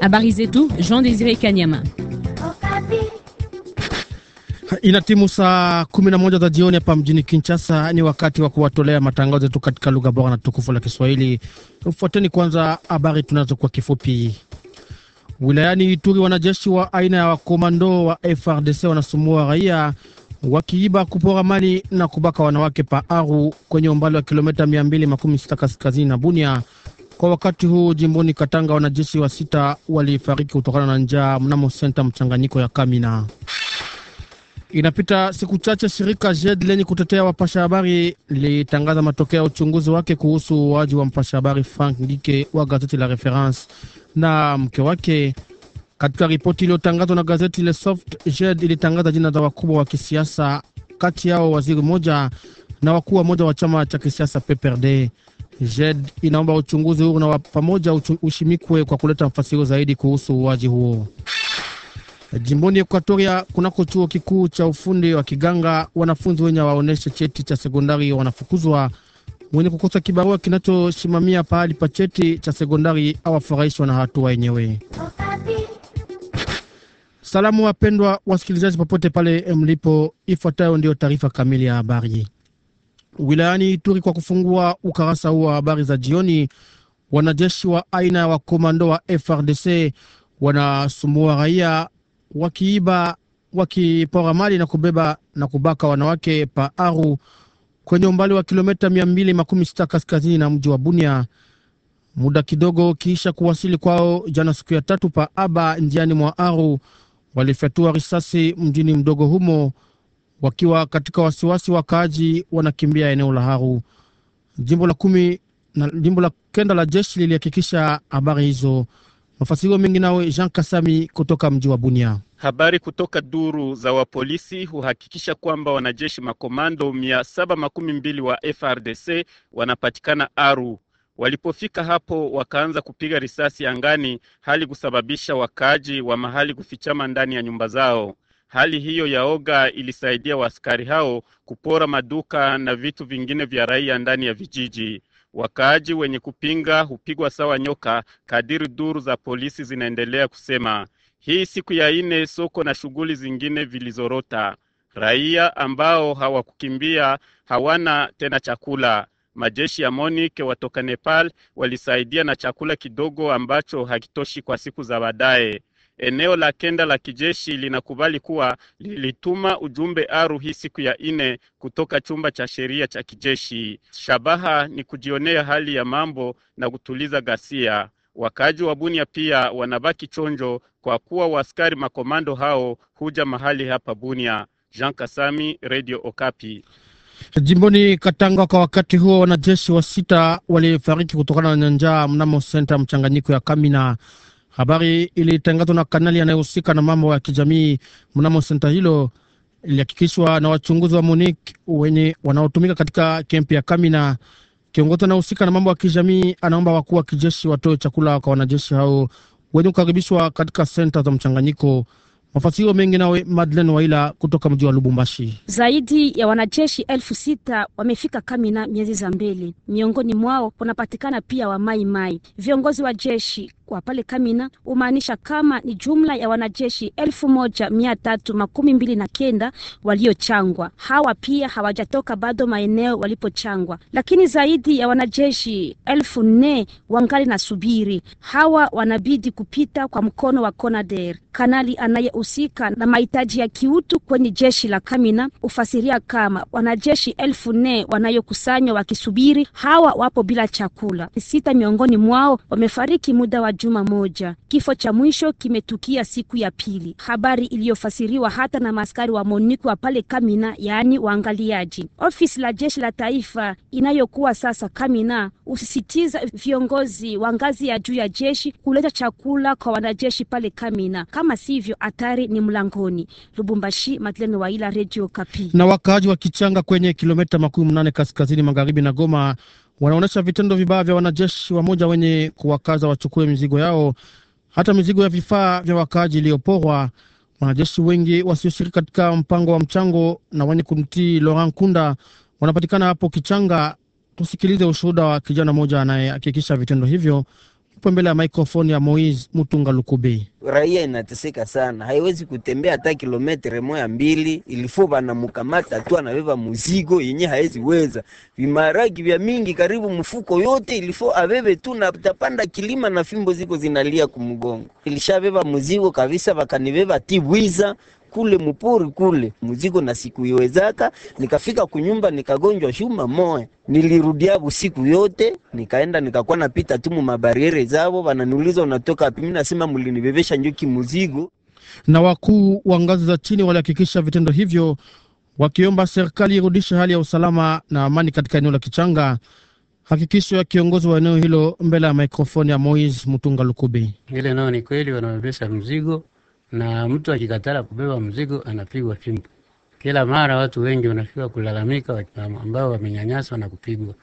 Habari zetu Jean Desire Kanyama. Inatimu saa kumi na moja za jioni hapa mjini Kinshasa. Ni wakati wa kuwatolea matangazo yetu katika lugha bora na tukufu la Kiswahili. Ufuateni kwanza habari tunazo kwa kifupi. Wilayani Ituri, wanajeshi wa aina ya wakomando wa FRDC wanasumua raia wakiiba, kupora mali na kubaka wanawake pa Aru, kwenye umbali wa makumi sita kaskazini na Bunia. Kwa wakati huu jimboni Katanga, wanajeshi wa sita walifariki kutokana na njaa mnamo senta mchanganyiko ya Kamina. Inapita siku chache, shirika JED lenye kutetea wapasha habari lilitangaza matokeo ya uchunguzi wake kuhusu uwaji wa mpasha habari Frank Ngike wa gazeti la Reference na mke wake. Katika ripoti iliyotangazwa na gazeti Le Soft, JED ilitangaza jina za wakubwa wa kisiasa, kati yao waziri mmoja na wakuu wa moja wa chama cha kisiasa PPRD. JED inaomba uchunguzi huu na pamoja ushimikwe kwa kuleta mfasiro zaidi kuhusu uwaji huo. Jimboni Ekuatoria, kunako chuo kikuu cha ufundi wa Kiganga, wanafunzi wenye waoneshe cheti cha sekondari wanafukuzwa. Mwenye kukosa kibarua kinachosimamia pahali pa cheti cha sekondari awafurahishwa na hatua yenyewe. Salamu wapendwa wasikilizaji, popote pale mlipo, ifuatayo ndiyo taarifa kamili ya habari wilayani Ituri kwa kufungua ukarasa huo wa habari za jioni. Wanajeshi wa aina ya wakomando wa FRDC wanasumbua raia wakiiba, wakipora mali na kubeba na kubaka wanawake pa Aru kwenye umbali wa makumi sita kaskazini na mji wa Bunia. Muda kidogo kiisha kuwasili kwao jana siku ya tatu pa Aba, njiani mwa Aru walifyatua risasi mjini mdogo humo wakiwa katika wasiwasi, wakaaji wanakimbia eneo la Haru. Jimbo la kumi na jimbo la kenda la jeshi lilihakikisha habari hizo. Mafasirio mengi nawe Jean Kasami kutoka mji wa Bunia. Habari kutoka duru za wapolisi huhakikisha kwamba wanajeshi makomando mia saba makumi mbili wa FRDC wanapatikana Aru. Walipofika hapo wakaanza kupiga risasi angani, hali kusababisha wakaaji wa mahali kufichama ndani ya nyumba zao. Hali hiyo ya oga ilisaidia waskari hao kupora maduka na vitu vingine vya raia ndani ya vijiji. Wakaaji wenye kupinga hupigwa sawa nyoka, kadiri duru za polisi zinaendelea kusema. Hii siku ya ine, soko na shughuli zingine vilizorota. Raia ambao hawakukimbia hawana tena chakula. Majeshi ya MONUC watoka Nepal walisaidia na chakula kidogo ambacho hakitoshi kwa siku za baadaye eneo la kenda la kijeshi linakubali kuwa lilituma ujumbe Aru hii siku ya ine kutoka chumba cha sheria cha kijeshi. Shabaha ni kujionea hali ya mambo na kutuliza ghasia. Wakaaji wa Bunia pia wanabaki chonjo kwa kuwa waskari makomando hao huja mahali hapa Bunia. Jean Kasami, Radio Okapi. Jimboni Katanga, kwa wakati huo wanajeshi wa sita walifariki kutokana na njaa mnamo senta mchanganyiko ya Kamina. Habari ilitangazwa na kanali anayehusika na mambo ya kijamii mnamo senta hilo, ilihakikishwa na wachunguzi wa MONUC wenye wanaotumika katika kempi ya Kamina. Kiongozi anayehusika na mambo ya kijamii anaomba wakuu wa kijeshi watoe chakula kwa wanajeshi hao wenye kukaribishwa katika senta za mchanganyiko. Mafasiro mengi nawe Madeleine Waila kutoka mji wa Lubumbashi. Zaidi ya wanajeshi elfu sita wamefika Kamina miezi za mbele, miongoni mwao kunapatikana pia wa Mai Mai. Viongozi wa jeshi kwa pale Kamina umaanisha kama ni jumla ya wanajeshi elfu moja mia tatu makumi mbili na kenda waliochangwa. Hawa pia hawajatoka bado maeneo walipochangwa, lakini zaidi ya wanajeshi elfu nne wangali na subiri. Hawa wanabidi kupita kwa mkono wa Konader. Kanali anayehusika na mahitaji ya kiutu kwenye jeshi la Kamina hufasiria kama wanajeshi elfu nne wanayokusanywa wakisubiri, hawa wapo bila chakula. Sita miongoni mwao wamefariki muda wa juma moja. Kifo cha mwisho kimetukia siku ya pili, habari iliyofasiriwa hata na maskari wa MONUC wa pale Kamina, yaani waangaliaji. Ofisi la jeshi la taifa inayokuwa sasa Kamina husisitiza viongozi wa ngazi ya juu ya jeshi kuleta chakula kwa wanajeshi pale Kamina, kama sivyo hatari ni mlangoni. Lubumbashi, Madeleine Waila, Radio Kapi. Na wakaaji wa Kichanga kwenye kilomita makumi mnane kaskazini magharibi na Goma wanaonyesha vitendo vibaya vya wanajeshi wamoja wenye kuwakaza wachukue mizigo yao, hata mizigo ya vifaa vya wakaaji iliyoporwa. Wanajeshi wengi wasioshiriki katika mpango wa mchango na wenye kumtii Laurent Kunda wanapatikana hapo Kichanga. Tusikilize ushuhuda wa kijana mmoja anayehakikisha vitendo hivyo Yupo mbele ya mikrofoni ya Moise Mutunga Lukube. Raia inateseka sana, haiwezi kutembea hata kilometre moya mbili, ilifo vanamkamata tu anabeba muzigo yenye haweziweza, vimaragi vya mingi karibu mfuko yote ilifo abebe tu, na tapanda kilima na fimbo ziko zinalia kumgongo, ilishabeba muzigo kabisa, vakanibeba tibwiza kule mupori kule muziko na siku iwezaka, nikafika kunyumba nikagonjwa shuma moya, nilirudia usiku yote, nikaenda nikakuwa napita tu mu mabariere zao, wananiuliza unatoka wapi? Mimi nasema mulinibebesha njoki muzigo. Na wakuu wa ngazi za chini walihakikisha vitendo hivyo, wakiomba serikali irudishe hali ya usalama na amani katika eneo la Kichanga. Hakikisho ya kiongozi wa eneo hilo mbele ya mikrofoni ya Moise Mutunga Lukubi. Ile nao ni kweli, wanabebesha mzigo na mtu akikatala kubeba mzigo anapigwa fimbo. Kila mara watu wengi wanafika kulalamika, ambao wamenyanyaswa na kupigwa.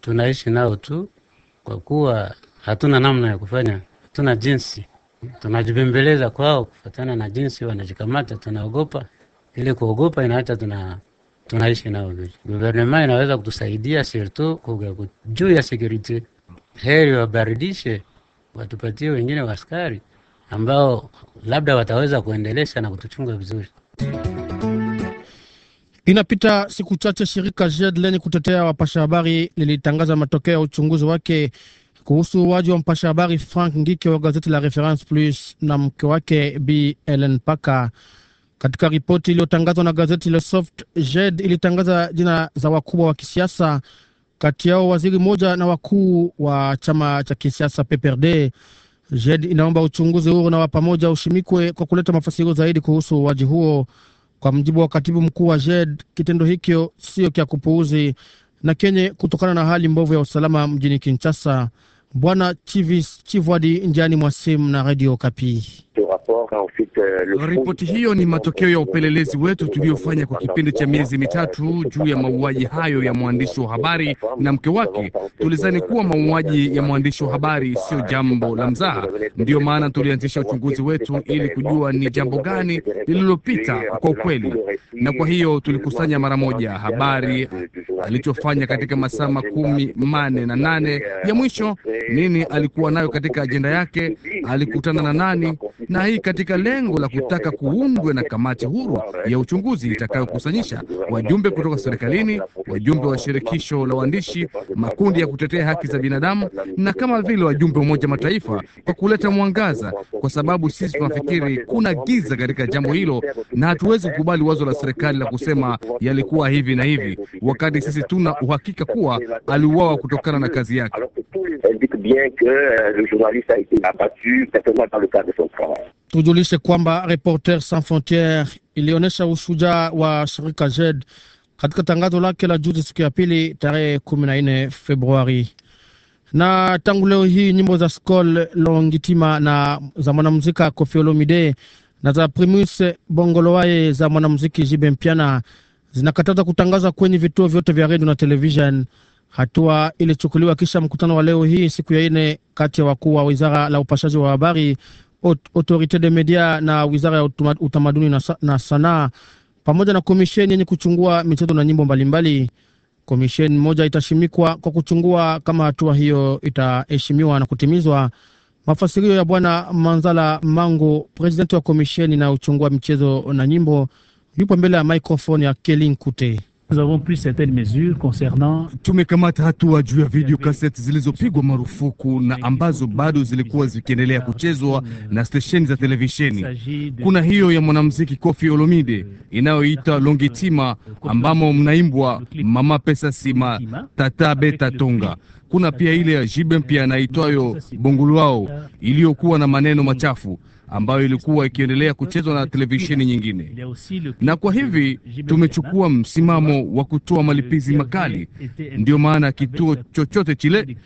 Tunaishi nao tu kwa kuwa hatuna namna ya kufanya, hatuna jinsi, tunajibembeleza kwao kufatana na jinsi wanajikamata. Tunaogopa, ili kuogopa inaacha tuna tunaishi nao. vile. Guvernema inaweza kutusaidia sirtu juu ya security, heri wabaridishe, watupatie wengine waskari ambao labda wataweza kuendelesha na kutuchunga vizuri. Inapita siku chache, shirika JED lenye kutetea wapasha habari lilitangaza matokeo ya uchunguzi wake kuhusu uwaji wa mpasha habari Frank Ngike wa gazeti la Reference Plus na mke wake B Ellen Paka. Katika ripoti iliyotangazwa na gazeti Le Soft, JED ilitangaza jina za wakubwa wa kisiasa, kati yao waziri mmoja na wakuu wa chama cha kisiasa PPRD. JED inaomba uchunguzi huo na wa pamoja ushimikwe kwa kuleta mafasiro zaidi kuhusu uwaji huo. Kwa mjibu wa katibu mkuu wa JED, kitendo hikyo sio kya kupuuzi na kenye kutokana na hali mbovu ya usalama mjini Kinshasa. Bwana Chivis Chivwadi njiani mwa simu na Radio Kapi. Euh, Ripoti hiyo ni matokeo ya upelelezi wetu tuliofanya kwa kipindi cha miezi mitatu juu ya mauaji hayo ya mwandishi wa euh, habari na mke wake. Tulizani euh, kuwa mauaji ya mwandishi wa habari sio jambo la mzaha, ndiyo maana tulianzisha uchunguzi wetu ili kujua ni jambo gani lililopita kwa ukweli, na kwa hiyo tulikusanya mara moja habari alichofanya katika masaa makumi mane na nane ya mwisho, nini alikuwa nayo katika ajenda yake, alikutana na nani na hii katika lengo la kutaka kuundwe na kamati huru ya uchunguzi itakayokusanyisha wajumbe kutoka serikalini, wajumbe wa shirikisho la waandishi, makundi ya kutetea haki za binadamu na kama vile wajumbe wa Umoja Mataifa kwa kuleta mwangaza, kwa sababu sisi tunafikiri kuna giza katika jambo hilo, na hatuwezi kukubali wazo la serikali la kusema yalikuwa hivi na hivi, wakati sisi tuna uhakika kuwa aliuawa kutokana na kazi yake. bien que euh, le journaliste a été abattu, certainement dans le cadre de son travail. c'est Kwamba, reporter sans frontières, ilionyesha ushujaa wa shirika Z katika tangazo lake la juzi siku ya pili tarehe kumi na nne Februari. Na tangu leo hii nyimbo za Skol Longitima na za mwanamuziki Koffi Olomide na za Primus Bongolowae za mwanamuziki Jibe Mpiana zinakataza kutangaza kwenye vituo vyote vya redio na television. Hatua ilichukuliwa kisha mkutano wa leo hii siku ya ine kati ya wakuu wa wizara la upashaji wa habari Autorite de Media na wizara ya utamaduni na, sanaa pamoja na komisheni yenye kuchungua michezo na nyimbo mbalimbali. Komisheni moja itashimikwa kwa kuchungua kama hatua hiyo itaheshimiwa na kutimizwa. Mafasirio ya Bwana Manzala Mango, presidenti wa komisheni na uchungua michezo na nyimbo, yupo mbele ya maikrofoni ya Kelin Kute. Nous avons pris certaines mesures concernant. Tumekamata hatua juu ya video kaseti zilizopigwa marufuku na ambazo bado zilikuwa zikiendelea kuchezwa na stesheni za televisheni. Kuna hiyo ya mwanamuziki Kofi euh, Olomide inayoita Longitima, euh, ambamo mnaimbwa mama euh, pesa sima tata beta tonga. Kuna pia ile ya jibe mpya anaitwayo Bongulwao iliyokuwa na maneno machafu ambayo ilikuwa ikiendelea kuchezwa na televisheni nyingine, na kwa hivi tumechukua msimamo wa kutoa malipizi makali. Ndiyo maana kituo chochote chile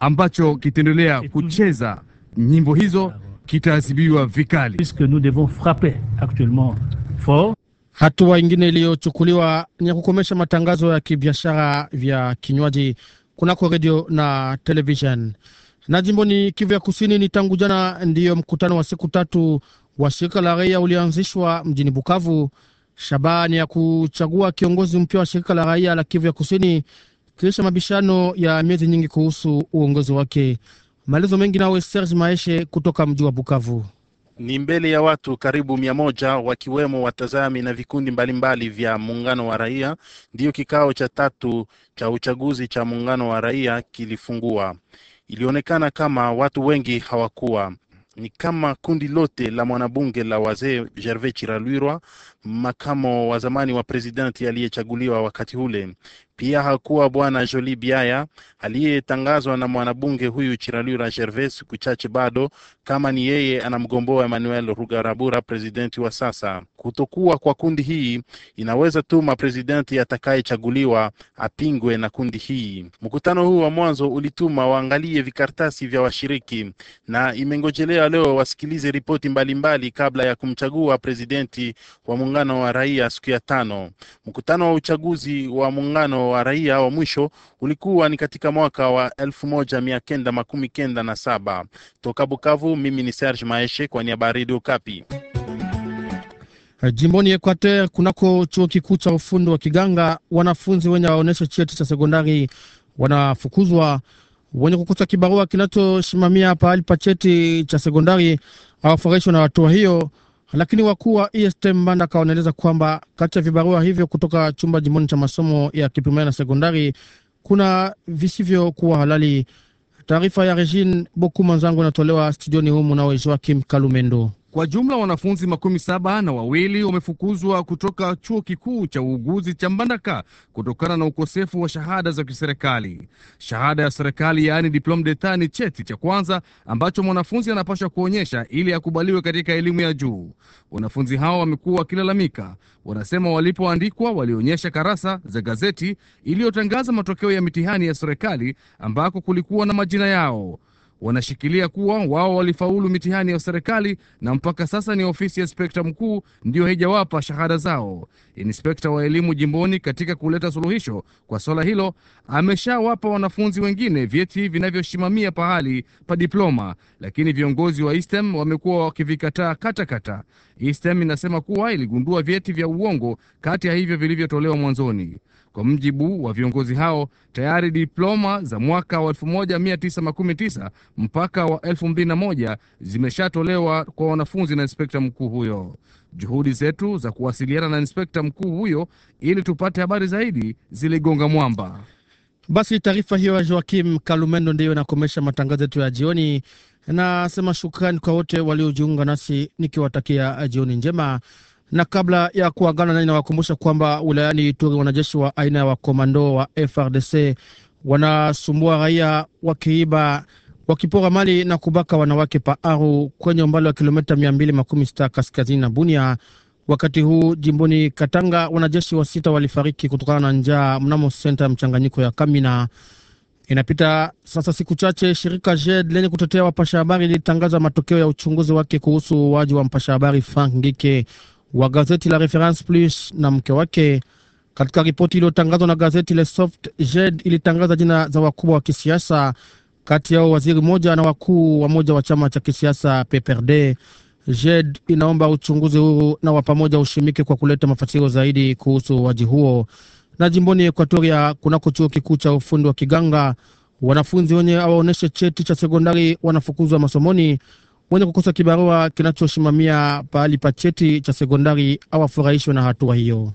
ambacho kitaendelea kucheza nyimbo hizo kitaadhibiwa vikali. Hatua ingine iliyochukuliwa ni ya kukomesha matangazo ya kibiashara vya kinywaji kunako redio na televishen. Na jimboni Kivu ya Kusini, ni tangu jana ndiyo mkutano wa siku tatu wa shirika la raia ulianzishwa mjini Bukavu. Shabaha ni ya kuchagua kiongozi mpya wa shirika la raia la Kivu ya Kusini kisha mabishano ya miezi nyingi kuhusu uongozi wake. Maelezo mengi nawe Serge Maeshe kutoka mji wa Bukavu ni mbele ya watu karibu mia moja wakiwemo watazami na vikundi mbalimbali vya muungano wa raia. Ndiyo kikao cha tatu cha uchaguzi cha muungano wa raia kilifungua Ilionekana kama watu wengi hawakuwa ni kama kundi lote la mwanabunge la wazee Gervais Chiralirwa, makamo wa zamani wa presidenti aliyechaguliwa wakati ule. Pia hakuwa bwana joli Biaya aliyetangazwa na mwanabunge huyu Chiralula Gervais siku chache bado kama ni yeye anamgomboa Emmanuel Rugarabura, presidenti wa sasa. Kutokuwa kwa kundi hii inaweza tu mapresidenti atakayechaguliwa apingwe na kundi hii. Mkutano huu wa mwanzo ulituma waangalie vikartasi vya washiriki na imengojelea leo wasikilize ripoti mbalimbali kabla ya kumchagua presidenti wa muungano wa raia siku ya tano. Mkutano wa uchaguzi wa muungano wa raia wa mwisho ulikuwa ni katika mwaka wa elfu moja mia kenda makumi kenda na saba. Toka Bukavu, mimi ni Serge Maeshe kwa niaba ya redio Kapi. Jimboni equater kunako chuo kikuu cha ufundi wa Kiganga, wanafunzi wenye waonyesha cheti cha sekondari wanafukuzwa. Wenye kukosa kibarua kinachosimamia pahali pa cheti cha sekondari hawafurahishwa na hatua hiyo. Lakini wakuu wa estm Mbanda wanaeleza kwamba kati ya vibarua hivyo kutoka chumba jimboni cha masomo ya kiprimari na sekondari kuna visivyokuwa halali. Taarifa ya Regine Boku Nzangu inatolewa studioni humu na Joakim Kalumendo. Kwa jumla wanafunzi makumi saba na wawili wamefukuzwa kutoka chuo kikuu cha uuguzi cha Mbandaka kutokana na ukosefu wa shahada za kiserikali. Shahada ya serikali yaani de d'etat ni cheti cha kwanza ambacho mwanafunzi anapaswa kuonyesha ili akubaliwe katika elimu ya juu. Wanafunzi hao wamekuwa wakilalamika, wanasema walipoandikwa walionyesha karasa za gazeti iliyotangaza matokeo ya mitihani ya serikali ambako kulikuwa na majina yao wanashikilia kuwa wao walifaulu mitihani ya serikali na mpaka sasa ni ofisi ya inspekta mkuu ndio haijawapa shahada zao. Inspekta wa elimu jimboni, katika kuleta suluhisho kwa swala hilo, ameshawapa wanafunzi wengine vyeti vinavyosimamia pahali pa diploma, lakini viongozi wa ISTEM wamekuwa wakivikataa katakata. ISTEM inasema kuwa iligundua vyeti vya uongo kati ya hivyo vilivyotolewa mwanzoni. Kwa mjibu wa viongozi hao, tayari diploma za mwaka wa 1919 mpaka wa 2001 zimeshatolewa kwa wanafunzi na inspekta mkuu huyo. Juhudi zetu za kuwasiliana na inspekta mkuu huyo ili tupate habari zaidi ziligonga mwamba. Basi taarifa hiyo ya Joakim Kalumendo ndiyo inakomesha matangazo yetu ya jioni. Nasema shukrani kwa wote waliojiunga nasi nikiwatakia jioni njema. Na kabla ya kuagana nani, nawakumbusha kwamba wilayani Ituri wanajeshi wa aina ya wakomando wa FRDC wanasumbua raia wakiiba, wakipora mali na kubaka wanawake pa Aru kwenye umbali wa kilomita mia mbili makumi sita kaskazini na Bunia. Wakati huu jimboni Katanga wanajeshi wa sita walifariki kutokana na njaa mnamo senta ya mchanganyiko ya Kamina. Inapita sasa siku chache, shirika JED lenye kutetea wapasha habari lilitangaza matokeo ya uchunguzi wake kuhusu uuaji wa mpasha habari Frank Ngike wa gazeti la Reference Plus na mke wake. Katika ripoti iliyotangazwa na gazeti Le Soft, JED ilitangaza jina za wakubwa wa kisiasa, kati yao waziri mmoja na wakuu wa moja wa chama cha kisiasa PPRD. JED inaomba uchunguzi huu na wa pamoja ushimike kwa kuleta mafasirio zaidi kuhusu waji huo. Na jimboni Ekuatoria, kunako chuo kikuu cha ufundi wa Kiganga, wanafunzi wenye awaonyeshe cheti cha sekondari wanafukuzwa masomoni wenye kukosa kibarua kinachosimamia pahali pa cheti cha sekondari awafurahishwe na hatua hiyo.